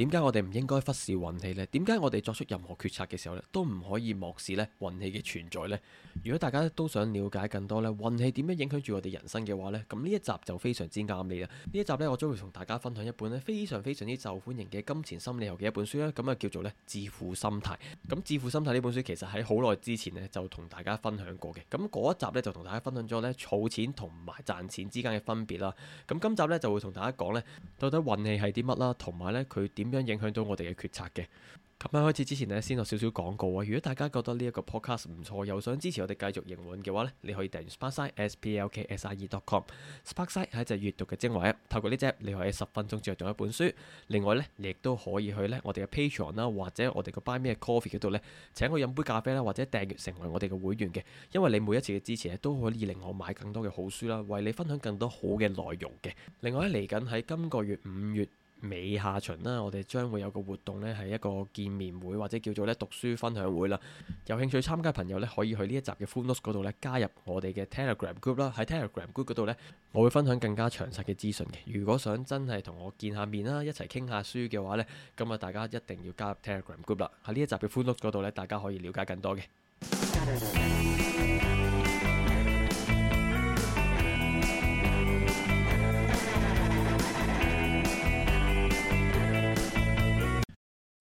點解我哋唔應該忽視運氣呢？點解我哋作出任何決策嘅時候呢，都唔可以漠視呢運氣嘅存在呢？如果大家都想了解更多呢運氣點樣影響住我哋人生嘅話呢，咁呢一集就非常之啱你啦！呢一集呢，我將會同大家分享一本呢非常非常之受歡迎嘅金錢心理學嘅一本書啦，咁啊叫做呢《致富心態》。咁致富心態呢本書其實喺好耐之前呢就同大家分享過嘅，咁嗰一集呢，就同大家分享咗呢儲錢同埋賺錢之間嘅分別啦。咁今集呢，就會同大家講呢，到底運氣係啲乜啦，同埋呢佢點？點樣影響到我哋嘅決策嘅？琴晚開始之前呢，先有少少廣告啊！如果大家覺得呢一個 podcast 唔錯，又想支持我哋繼續營運嘅話呢，你可以訂閱 Sparksine S P L K S I E dot com。Sparksine 係一隻閱讀嘅精華，透過呢隻你可以喺十分鐘之內讀一本書。另外咧，亦都可以去呢我哋嘅 Patreon 啦，或者我哋嘅 Buy Me a Coffee 嗰度呢，請我飲杯咖啡啦，或者訂閱成為我哋嘅會員嘅。因為你每一次嘅支持呢，都可以令我買更多嘅好書啦，為你分享更多好嘅內容嘅。另外咧，嚟緊喺今個月五月。尾下旬啦，我哋將會有個活動呢，係一個見面會，或者叫做咧，讀書分享會啦。有興趣參加嘅朋友呢，可以去呢一集嘅 footnote 嗰度呢，加入我哋嘅 Telegram Group 啦。喺 Telegram Group 嗰度呢，我會分享更加詳細嘅資訊嘅。如果想真係同我見下面啦，一齊傾下書嘅話呢，咁啊大家一定要加入 Telegram Group 啦。喺呢一集嘅 footnote 嗰度呢，大家可以了解更多嘅。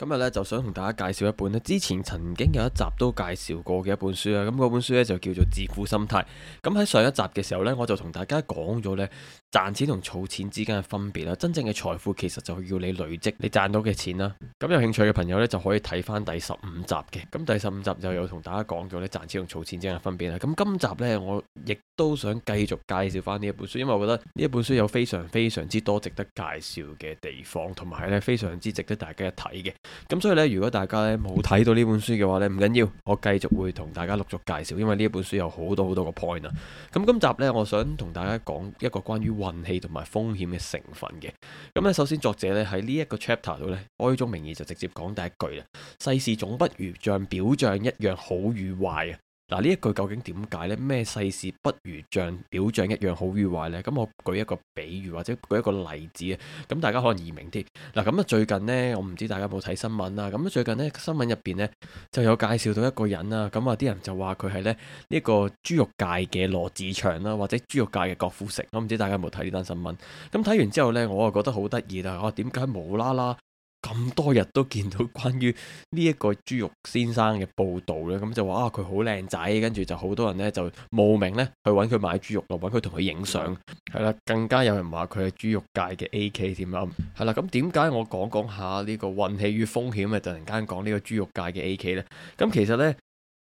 今日呢就想同大家介紹一本呢，之前曾經有一集都介紹過嘅一本書啦。咁嗰本書呢就叫做《自負心態》。咁喺上一集嘅時候呢，我就同大家講咗呢。賺錢同儲錢之間嘅分別啦，真正嘅財富其實就係要你累積你賺到嘅錢啦。咁、嗯、有興趣嘅朋友呢，就可以睇翻第十五集嘅，咁第十五集就有同大家講咗呢賺錢同儲錢之間嘅分別啦。咁今集呢，我亦都想繼續介紹翻呢一本書，因為我覺得呢一本書有非常非常之多值得介紹嘅地方，同埋呢非常之值得大家一睇嘅。咁所以呢，如果大家冇睇到呢本書嘅話呢，唔緊要，我繼續會同大家陸續介紹，因為呢一本書有好多好多個 point 啊。咁今集呢，我想同大家講一個關於。運氣同埋風險嘅成分嘅，咁咧首先作者咧喺呢一個 chapter 度咧，開宗明義就直接講第一句啦：世事總不如像表象一樣好與壞啊！嗱呢一句究竟點解呢？咩世事不如像表象一樣好與壞呢？咁我舉一個比喻或者舉一個例子啊，咁大家可能易明啲。嗱咁啊最近呢，我唔知大家有冇睇新聞啦？咁最近呢，新聞入邊呢就有介紹到一個人啊，咁啊啲人就話佢係咧呢個豬肉界嘅羅志祥啦，或者豬肉界嘅郭富城。我唔知大家有冇睇呢單新聞？咁睇完之後呢，我就覺得好得意啦！我點解無啦啦？咁多日都見到關於呢一個豬肉先生嘅報道咧，咁、啊、就話啊佢好靚仔，跟住就好多人呢就慕名呢去揾佢買豬肉，落揾佢同佢影相，係啦，更加有人話佢係豬肉界嘅 AK 添啦，係啦。咁點解我講講下呢個運氣與風險啊？突然間講呢個豬肉界嘅 AK 呢？咁其實呢，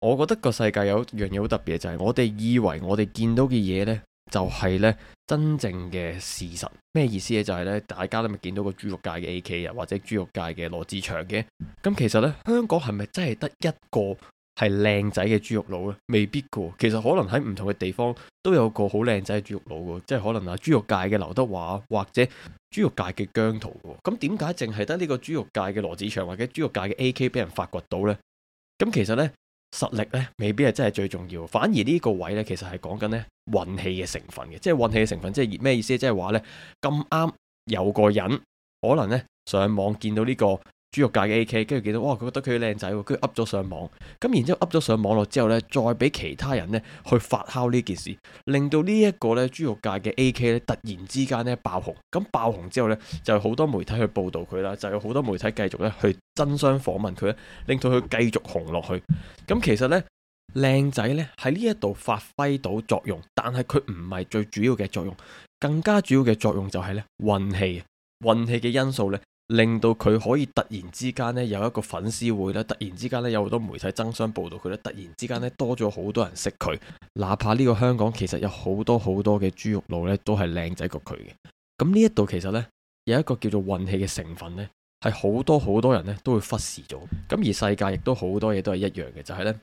我覺得個世界有一樣嘢好特別，就係、是、我哋以為我哋見到嘅嘢呢。就係咧，真正嘅事實。咩意思嘅？就係、是、咧，大家都咪見到個豬肉界嘅 AK 啊，或者豬肉界嘅羅志祥嘅。咁其實咧，香港係咪真係得一個係靚仔嘅豬肉佬咧？未必噶。其實可能喺唔同嘅地方都有個好靚仔嘅豬肉佬噶即係可能啊，豬肉界嘅劉德華或者豬肉界嘅姜濤。咁點解淨係得呢個豬肉界嘅羅志祥或者豬肉界嘅 AK 俾人發掘到呢？咁其實呢。實力咧未必係真係最重要，反而呢個位咧其實係講緊咧運氣嘅成分嘅，即係運氣嘅成分，即係咩意思？即係話咧咁啱有個人可能咧上網見到呢個。豬肉界嘅 A K，跟住見到哇，佢覺得佢靚仔，跟住噏咗上網，咁然之後噏咗上網絡之後呢，再俾其他人呢去發酵呢件事，令到呢一個咧豬肉界嘅 A K 咧突然之間咧爆紅，咁爆紅之後呢，就好多媒體去報道佢啦，就有好多媒體繼續咧去爭相訪問佢，令到佢繼續紅落去。咁其實呢，靚仔呢喺呢一度發揮到作用，但係佢唔係最主要嘅作用，更加主要嘅作用就係呢運氣，運氣嘅因素呢。令到佢可以突然之間咧有一個粉絲會咧，突然之間咧有好多媒體爭相報道佢咧，突然之間咧多咗好多人識佢，哪怕呢個香港其實有好多好多嘅豬肉佬咧都係靚仔過佢嘅，咁呢一度其實呢，有一個叫做運氣嘅成分咧。係好多好多人咧都會忽視咗，咁而世界亦都好多嘢都係一樣嘅，就係呢，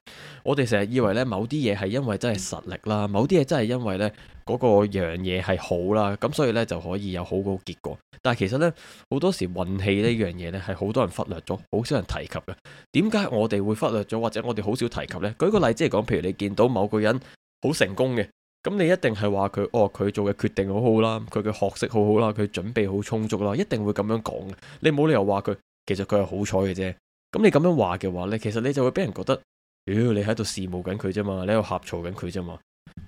我哋成日以為呢某啲嘢係因為真係實力啦，某啲嘢真係因為呢嗰個樣嘢係好啦，咁所以呢就可以有好嘅結果。但係其實呢，好多時運氣呢樣嘢呢係好多人忽略咗，好少人提及嘅。點解我哋會忽略咗，或者我哋好少提及呢？舉個例子嚟講，譬如你見到某個人好成功嘅。咁你一定係話佢哦，佢做嘅決定好好啦，佢嘅學識好好啦，佢準備好充足啦，一定會咁樣講嘅。你冇理由話佢，其實佢係好彩嘅啫。咁你咁樣話嘅話呢，其實你就會俾人覺得，妖，你喺度羨慕緊佢啫嘛，你喺度呷醋緊佢啫嘛。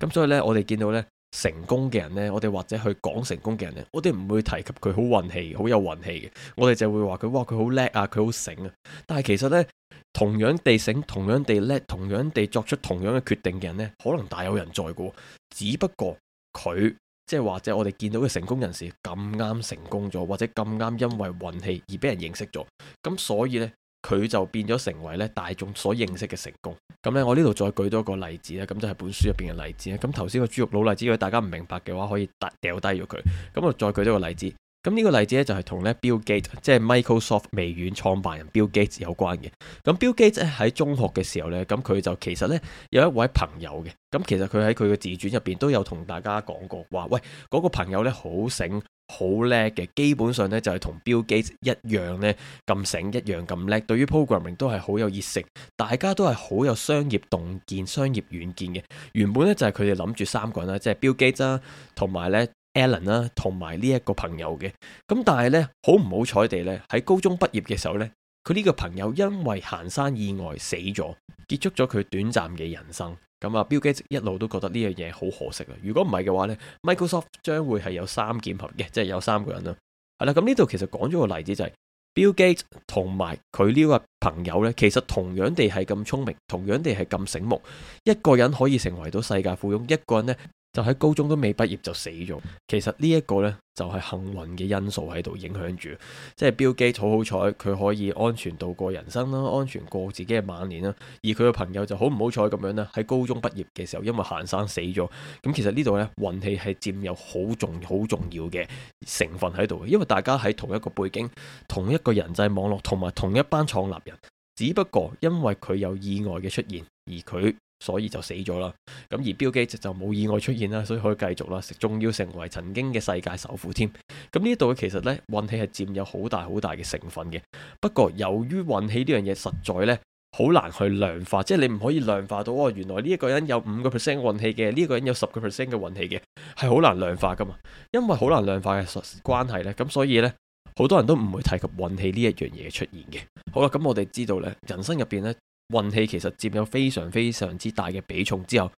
咁所以呢，我哋見到呢成功嘅人呢，我哋或者去講成功嘅人呢，我哋唔會提及佢好運氣、好有運氣嘅，我哋就會話佢哇，佢好叻啊，佢好醒啊。但係其實呢。同樣地醒，同樣地叻，同樣地作出同樣嘅決定嘅人呢，可能大有人在噶。只不過佢，即係或者我哋見到嘅成功人士咁啱成功咗，或者咁啱因為運氣而俾人認識咗，咁所以呢，佢就變咗成，成為咧大眾所認識嘅成功。咁咧，我呢度再舉多個例子咧，咁就係本書入邊嘅例子咧。咁頭先個豬肉佬例子，如果大家唔明白嘅話，可以掉低咗佢。咁我再舉多個例子。咁呢個例子咧就係同咧 Bill Gates，即係 Microsoft 微軟創辦人 Bill Gates 有關嘅。咁 Bill Gates 喺中學嘅時候呢，咁佢就其實呢有一位朋友嘅。咁其實佢喺佢嘅自傳入邊都有同大家講過，話喂嗰個朋友呢，好醒好叻嘅，基本上呢，就係同 Bill Gates 一樣呢，咁醒一樣咁叻，對於 programming 都係好有熱誠，大家都係好有商業洞見、商業遠見嘅。原本呢，就係佢哋諗住三個人啦，即係 Bill Gates 啦，同埋呢……」Alan 啦、啊，同埋呢一個朋友嘅，咁但係呢，好唔好彩地呢？喺高中畢業嘅時候呢，佢呢個朋友因為行山意外死咗，結束咗佢短暫嘅人生。咁、嗯、啊，Bill Gates 一路都覺得呢樣嘢好可惜啊！如果唔係嘅話呢 Microsoft 將會係有三劍合嘅，即係有三個人咯。係啦，咁呢度其實講咗個例子就係、是、Bill Gates 同埋佢呢個朋友呢，其實同樣地係咁聰明，同樣地係咁醒目，一個人可以成為到世界富翁，一個人呢。就喺高中都未畢業就死咗，其實呢一個呢，就係幸運嘅因素喺度影響住，即係標基好好彩，佢可以安全度過人生啦，安全過自己嘅晚年啦。而佢嘅朋友就好唔好彩咁樣呢，喺高中畢業嘅時候因為行山死咗。咁其實呢度呢，運氣係佔有好重好重要嘅成分喺度，因為大家喺同一個背景、同一個人際網絡、同埋同一班創立人，只不過因為佢有意外嘅出現，而佢。所以就死咗啦，咁而標記就冇意外出現啦，所以可以繼續啦，仲要成為曾經嘅世界首富添。咁呢度其實呢，運氣係佔有好大好大嘅成分嘅。不過由於運氣呢樣嘢實在呢，好難去量化，即係你唔可以量化到哦，原來呢一個人有五個 percent 運氣嘅，呢一個人有十個 percent 嘅運氣嘅，係好難量化噶嘛。因為好難量化嘅關係呢，咁所以呢，好多人都唔會提及運氣呢一樣嘢出現嘅。好啦，咁我哋知道呢，人生入邊呢。運氣其實佔有非常非常之大嘅比重之後，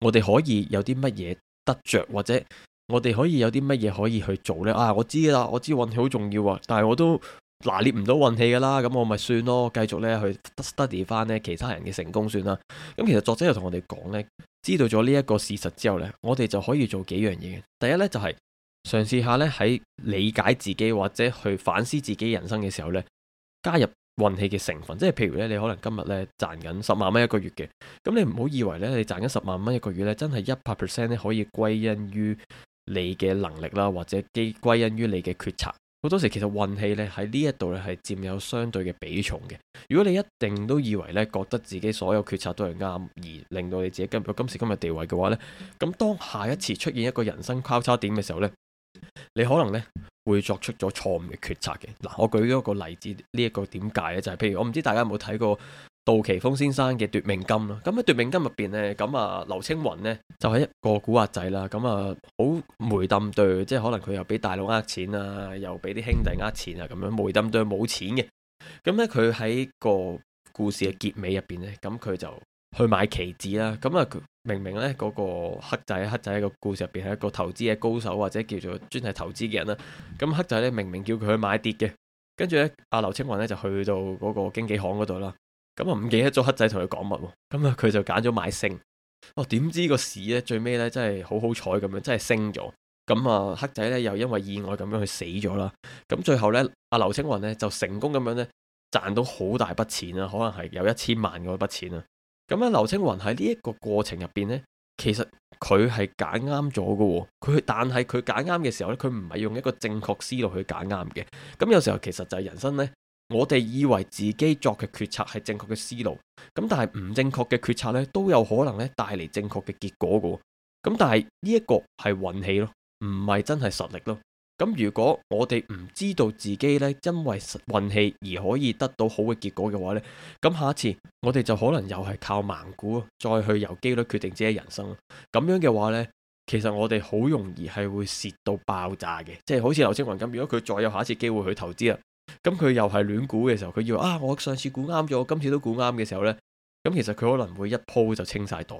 我哋可以有啲乜嘢得着，或者我哋可以有啲乜嘢可以去做呢？啊，我知啦，我知運氣好重要啊，但係我都拿捏唔到運氣噶啦，咁我咪算咯，繼續咧去 study 翻呢其他人嘅成功算啦。咁其實作者又同我哋講呢：「知道咗呢一個事實之後呢，我哋就可以做幾樣嘢。第一呢，就係嘗試下呢，喺理解自己或者去反思自己人生嘅時候呢，加入。運氣嘅成分，即係譬如咧，你可能今日咧賺緊十萬蚊一個月嘅，咁你唔好以為咧，你賺緊十萬蚊一個月咧，真係一百 percent 咧可以歸因於你嘅能力啦，或者基歸因於你嘅決策。好多時其實運氣咧喺呢一度咧係佔有相對嘅比重嘅。如果你一定都以為咧，覺得自己所有決策都係啱，而令到你自己今今時今日地位嘅話咧，咁當下一次出現一個人生交叉點嘅時候咧。你可能呢會作出咗錯誤嘅決策嘅。嗱，我舉一個例子，呢一個點解呢？就係譬如我唔知大家有冇睇過杜琪峰先生嘅《奪命金》啦。咁喺《奪命金》入邊呢，咁啊劉青雲呢，就係一個古惑仔啦。咁啊好霉冧隊，即係可能佢又俾大佬呃錢啊，又俾啲兄弟呃錢啊，咁樣霉冧隊冇錢嘅。咁呢，佢喺個故事嘅結尾入邊呢，咁佢就，去買棋子啦，咁、嗯、啊明明呢嗰個黑仔黑仔喺個故事入邊係一個投資嘅高手或者叫做專係投資嘅人啦，咁、嗯、黑仔呢明明叫佢去買跌嘅，跟住呢阿劉青雲呢就去到嗰個經紀行嗰度啦，咁啊唔記得咗黑仔同佢講乜喎，咁啊佢就揀咗買升。哦點知個市呢最尾呢真係好好彩咁樣，真係升咗，咁、嗯、啊黑仔呢又因為意外咁樣去死咗啦，咁、嗯、最後呢，阿劉青雲呢就成功咁樣呢，賺到好大筆錢啊，可能係有一千萬嗰筆錢啊！咁啊，劉青雲喺呢一個過程入邊呢，其實佢係揀啱咗嘅。佢但係佢揀啱嘅時候呢，佢唔係用一個正確思路去揀啱嘅。咁有時候其實就係人生呢，我哋以為自己作嘅決策係正確嘅思路，咁但係唔正確嘅決策呢，都有可能呢帶嚟正確嘅結果嘅。咁但係呢一個係運氣咯，唔係真係實力咯。咁如果我哋唔知道自己呢，因為運氣而可以得到好嘅結果嘅話呢，咁下一次我哋就可能又係靠盲估，再去由機率決定自己人生。咁樣嘅話呢，其實我哋好容易係會蝕到爆炸嘅，即係好似劉青雲咁。如果佢再有下一次機會去投資啊，咁佢又係亂估嘅時候，佢以為，啊，我上次估啱咗，今次都估啱嘅時候呢，咁其實佢可能會一鋪就清曬袋。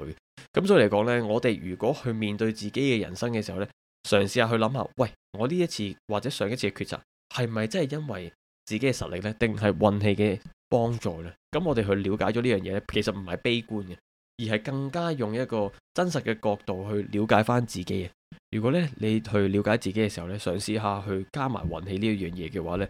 咁所以嚟講呢，我哋如果去面對自己嘅人生嘅時候呢。嘗試下去諗下，喂，我呢一次或者上一次嘅抉擇係咪真係因為自己嘅實力呢，定係運氣嘅幫助呢？咁我哋去了解咗呢樣嘢呢，其實唔係悲觀嘅，而係更加用一個真實嘅角度去了解翻自己嘅。如果呢，你去了解自己嘅時候呢，嘗試下去加埋運氣呢一樣嘢嘅話呢，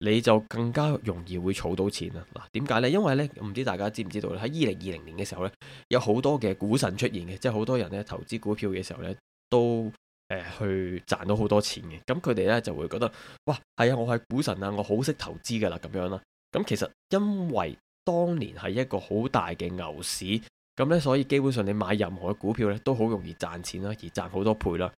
你就更加容易會儲到錢啦！嗱，點解呢？因為呢，唔知大家知唔知道喺二零二零年嘅時候呢，有好多嘅股神出現嘅，即係好多人呢投資股票嘅時候呢，都去賺到好多錢嘅，咁佢哋呢就會覺得，哇，係啊，我係股神啊，我好識投資噶啦，咁樣啦，咁其實因為當年係一個好大嘅牛市，咁呢，所以基本上你買任何嘅股票呢都好容易賺錢啦，而賺好多倍啦，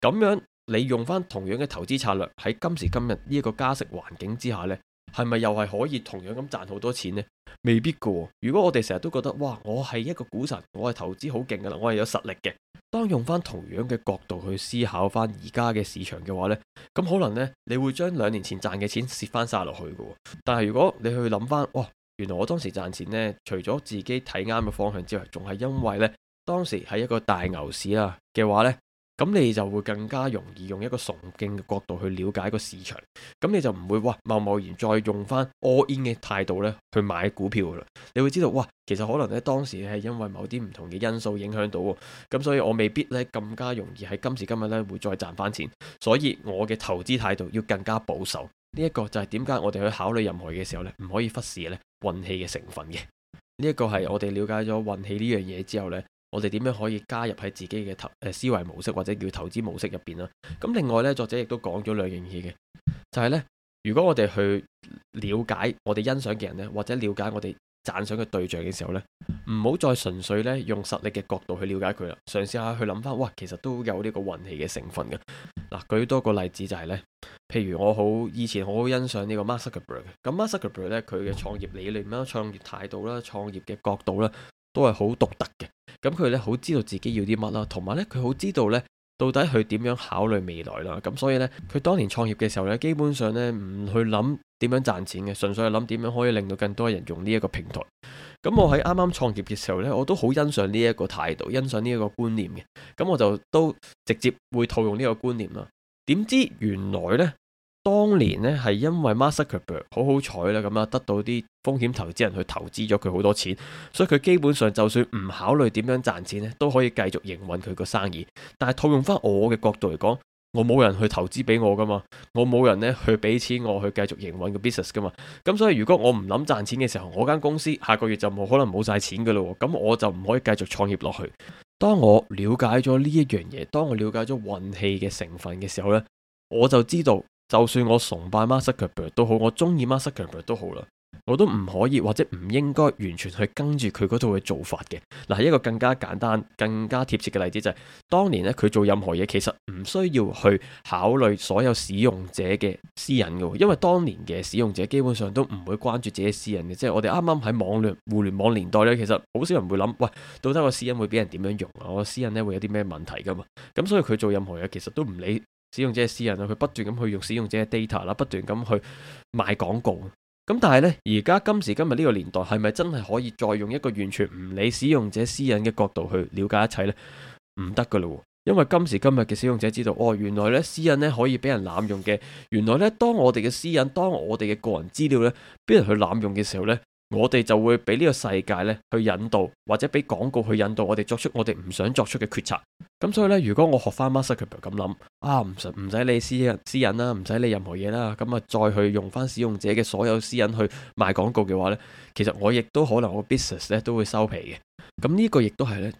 咁樣你用翻同樣嘅投資策略喺今時今日呢個加息環境之下呢，係咪又係可以同樣咁賺好多錢呢？未必噶喎。如果我哋成日都覺得哇，我係一個股神，我係投資好勁噶啦，我係有實力嘅。當用翻同樣嘅角度去思考翻而家嘅市場嘅話呢，咁可能呢，你會將兩年前賺嘅錢蝕翻晒落去噶。但係如果你去諗翻，哇，原來我當時賺錢呢，除咗自己睇啱嘅方向之外，仲係因為呢，當時係一個大牛市啦嘅話呢。」咁你就會更加容易用一個崇敬嘅角度去了解個市場，咁你就唔會哇，貿貿然再用翻 all in 嘅態度咧去買股票噶啦，你會知道哇，其實可能咧當時係因為某啲唔同嘅因素影響到，咁所以我未必咧更加容易喺今時今日咧會再賺翻錢，所以我嘅投資態度要更加保守。呢一個就係點解我哋去考慮任何嘅時候咧唔可以忽視咧運氣嘅成分嘅。呢一個係我哋了解咗運氣呢樣嘢之後咧。我哋點樣可以加入喺自己嘅投誒思維模式或者叫投資模式入邊啦？咁另外咧，作者亦都講咗兩樣嘢嘅，就係、是、咧，如果我哋去了解我哋欣賞嘅人咧，或者了解我哋讚賞嘅對象嘅時候咧，唔好再純粹咧用實力嘅角度去了解佢啦，嘗試下去諗翻，哇，其實都有呢個運氣嘅成分嘅。嗱，舉多個例子就係、是、咧，譬如我好以前好好欣賞呢個 Mark z u c k e r b e 咁 Mark z u c k e r b e r 佢嘅創業理念啦、創業態度啦、創業嘅角度啦，都係好獨特嘅。咁佢咧好知道自己要啲乜啦，同埋咧佢好知道咧到底佢點樣考慮未來啦。咁所以咧佢當年創業嘅時候咧，基本上咧唔去諗點樣賺錢嘅，純粹係諗點樣可以令到更多人用呢一個平台。咁我喺啱啱創業嘅時候咧，我都好欣賞呢一個態度，欣賞呢一個觀念嘅。咁我就都直接會套用呢個觀念啦。點知原來咧～當年呢，係因為 Mastercard 好好彩啦，咁啊得到啲風險投資人去投資咗佢好多錢，所以佢基本上就算唔考慮點樣賺錢呢，都可以繼續營運佢個生意。但係套用翻我嘅角度嚟講，我冇人去投資俾我噶嘛，我冇人呢去俾錢我去繼續營運個 business 噶嘛。咁所以如果我唔諗賺錢嘅時候，我間公司下個月就冇可能冇晒錢噶咯，咁我就唔可以繼續創業落去。當我了解咗呢一樣嘢，當我了解咗運氣嘅成分嘅時候呢，我就知道。就算我崇拜 Mark Zuckerberg 都好，我中意 Mark Zuckerberg 都好啦，我都唔可以或者唔應該完全去跟住佢嗰套嘅做法嘅。嗱，一個更加簡單、更加貼切嘅例子就係、是、當年咧，佢做任何嘢，其實唔需要去考慮所有使用者嘅私隱嘅，因為當年嘅使用者基本上都唔會關注自己私隱嘅，即係我哋啱啱喺網聯互聯網年代咧，其實好少人會諗，喂，到底個私隱會俾人點樣用啊？我個私隱咧會有啲咩問題噶嘛？咁所以佢做任何嘢，其實都唔理。使用者係私隱啊，佢不斷咁去用使用者嘅 data 啦，不斷咁去賣廣告。咁但係呢，而家今時今日呢個年代係咪真係可以再用一個完全唔理使用者私隱嘅角度去了解一切呢？唔得噶啦，因為今時今日嘅使用者知道，哦，原來呢私隱咧可以俾人濫用嘅。原來呢，當我哋嘅私隱，當我哋嘅個人資料呢，俾人去濫用嘅時候呢。我哋就會俾呢個世界咧去引導，或者俾廣告去引導我哋作出我哋唔想作出嘅決策。咁所以呢，如果我學翻 Mark Zuckerberg 咁諗啊，唔使唔使理私隱私隱啦，唔使理任何嘢啦，咁啊再去用翻使用者嘅所有私隱去賣廣告嘅話呢，其實我亦都可能我 business 呢都會收皮嘅。咁呢個亦都係呢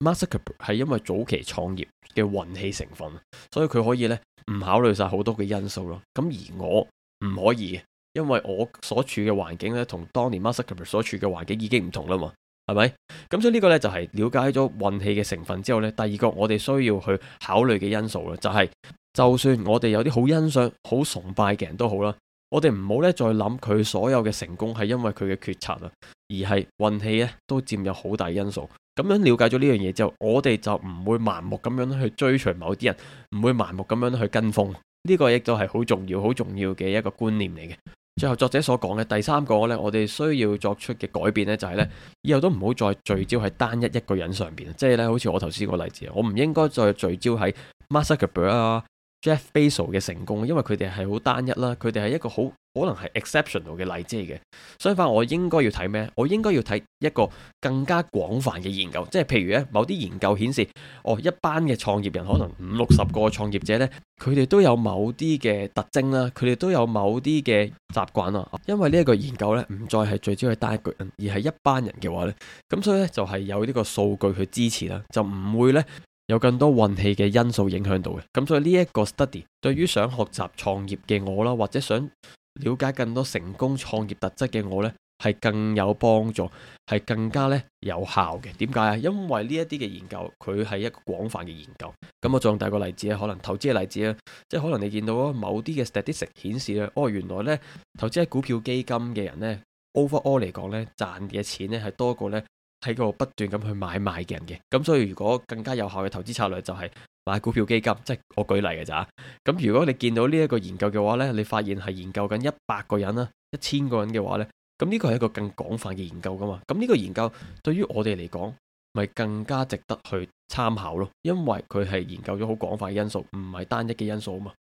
Mark Zuckerberg 係因為早期創業嘅運氣成分，所以佢可以呢唔考慮晒好多嘅因素咯。咁而我唔可以。因為我所處嘅環境咧，同當年 Master Cooper 所處嘅環境已經唔同啦嘛，係咪？咁所以呢個呢，就係、是、了解咗運氣嘅成分之後呢，第二個我哋需要去考慮嘅因素啦，就係、是、就算我哋有啲好欣賞、好崇拜嘅人都好啦，我哋唔好咧再諗佢所有嘅成功係因為佢嘅決策啊，而係運氣呢都佔有好大因素。咁樣了解咗呢樣嘢之後，我哋就唔會盲目咁樣去追隨某啲人，唔會盲目咁樣去跟風。呢、這個亦都係好重要、好重要嘅一個觀念嚟嘅。最後作者所講嘅第三個咧，我哋需要作出嘅改變咧，就係咧以後都唔好再聚焦喺單一一個人上邊，即係咧好似我頭先個例子，我唔應該再聚焦喺 Marshall Gilbert 啊、Jeff Bezos 嘅成功，因為佢哋係好單一啦，佢哋係一個好可能係 exceptional 嘅例子嚟嘅。相反，我應該要睇咩？我應該要睇一個更加廣泛嘅研究，即係譬如咧，某啲研究顯示，哦，一班嘅創業人可能五六十個創業者咧，佢哋都有某啲嘅特徵啦，佢哋都有某啲嘅習慣啦。因為呢一個研究咧，唔再係最主要係單一個人，而係一班人嘅話咧，咁所以咧就係有呢個數據去支持啦，就唔會咧。有更多運氣嘅因素影響到嘅，咁所以呢一個 study 對於想學習創業嘅我啦，或者想了解更多成功創業特質嘅我呢，係更有幫助，係更加咧有效嘅。點解啊？因為呢一啲嘅研究，佢係一個廣泛嘅研究。咁我再用第二個例子咧，可能投資嘅例子啦，即係可能你見到某啲嘅 statistic 顯示咧，哦，原來咧投資喺股票基金嘅人呢 overall 嚟講咧賺嘅錢咧係多過咧。.喺個不斷咁去買賣嘅人嘅，咁所以如果更加有效嘅投資策略就係買股票基金，即係我舉例嘅咋。咁如果你見到呢一個研究嘅話呢，你發現係研究緊一百個人啦，一千個人嘅話呢，咁呢個係一個更廣泛嘅研究噶嘛。咁呢個研究對於我哋嚟講，咪更加值得去參考咯，因為佢係研究咗好廣泛嘅因素，唔係單一嘅因素啊嘛。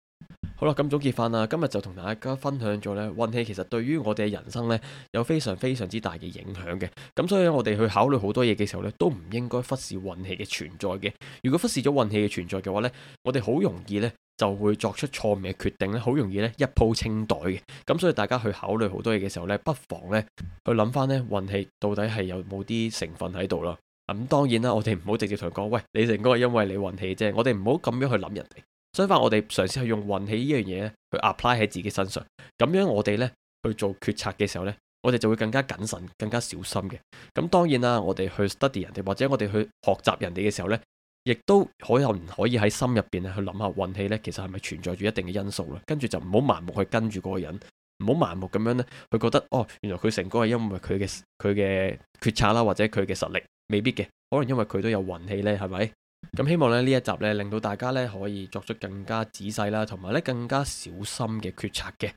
好啦，咁總結翻啦，今日就同大家分享咗呢運氣其實對於我哋嘅人生呢，有非常非常之大嘅影響嘅。咁所以我哋去考慮好多嘢嘅時候呢，都唔應該忽視運氣嘅存在嘅。如果忽視咗運氣嘅存在嘅話呢，我哋好容易呢就會作出錯誤嘅決定呢，好容易呢一鋪清袋嘅。咁所以大家去考慮好多嘢嘅時候呢，不妨呢去諗翻呢運氣到底係有冇啲成分喺度咯。咁當然啦，我哋唔好直接同佢講，喂，你成功係因為你運氣啫。我哋唔好咁樣去諗人哋。相反我嘗試，我哋嘗試去用運氣呢樣嘢去 apply 喺自己身上，咁樣我哋咧去做決策嘅時候咧，我哋就會更加謹慎、更加小心嘅。咁當然啦，我哋去 study 人哋或者我哋去學習人哋嘅時候咧，亦都可唔可以喺心入邊去諗下運氣咧，其實係咪存在住一定嘅因素啦？跟住就唔好盲目去跟住嗰個人，唔好盲目咁樣咧，去覺得哦，原來佢成功係因為佢嘅佢嘅決策啦，或者佢嘅實力，未必嘅，可能因為佢都有運氣咧，係咪？咁希望咧呢一集咧，令到大家咧可以作出更加仔細啦，同埋咧更加小心嘅決策嘅。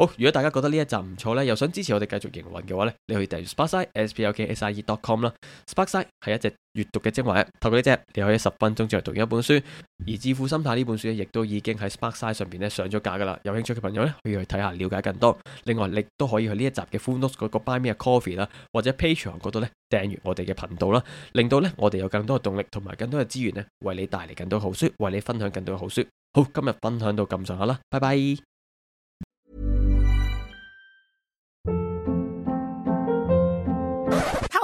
好，如果大家覺得呢一集唔錯呢，又想支持我哋繼續營運嘅話呢，你可以訂閱 Sparkside s p l k s i e dot com 啦。s p a r k s i z e 係一隻閱讀嘅精華，透過呢隻，你可以十分鐘就嚟讀完一本書。而《致富心態》呢本書咧，亦都已經喺 s p a r k s i z e 上邊呢上咗架噶啦。有興趣嘅朋友呢，可以去睇下，了解更多。另外，你都可以去呢一集嘅 Full Notes 嗰個 By Me Coffee 啦，或者 Pay 傳嗰度呢訂閱我哋嘅頻道啦，令到呢，我哋有更多嘅動力同埋更多嘅資源呢，為你帶嚟更多好書，為你分享更多好書。好，今日分享到咁上下啦，拜拜。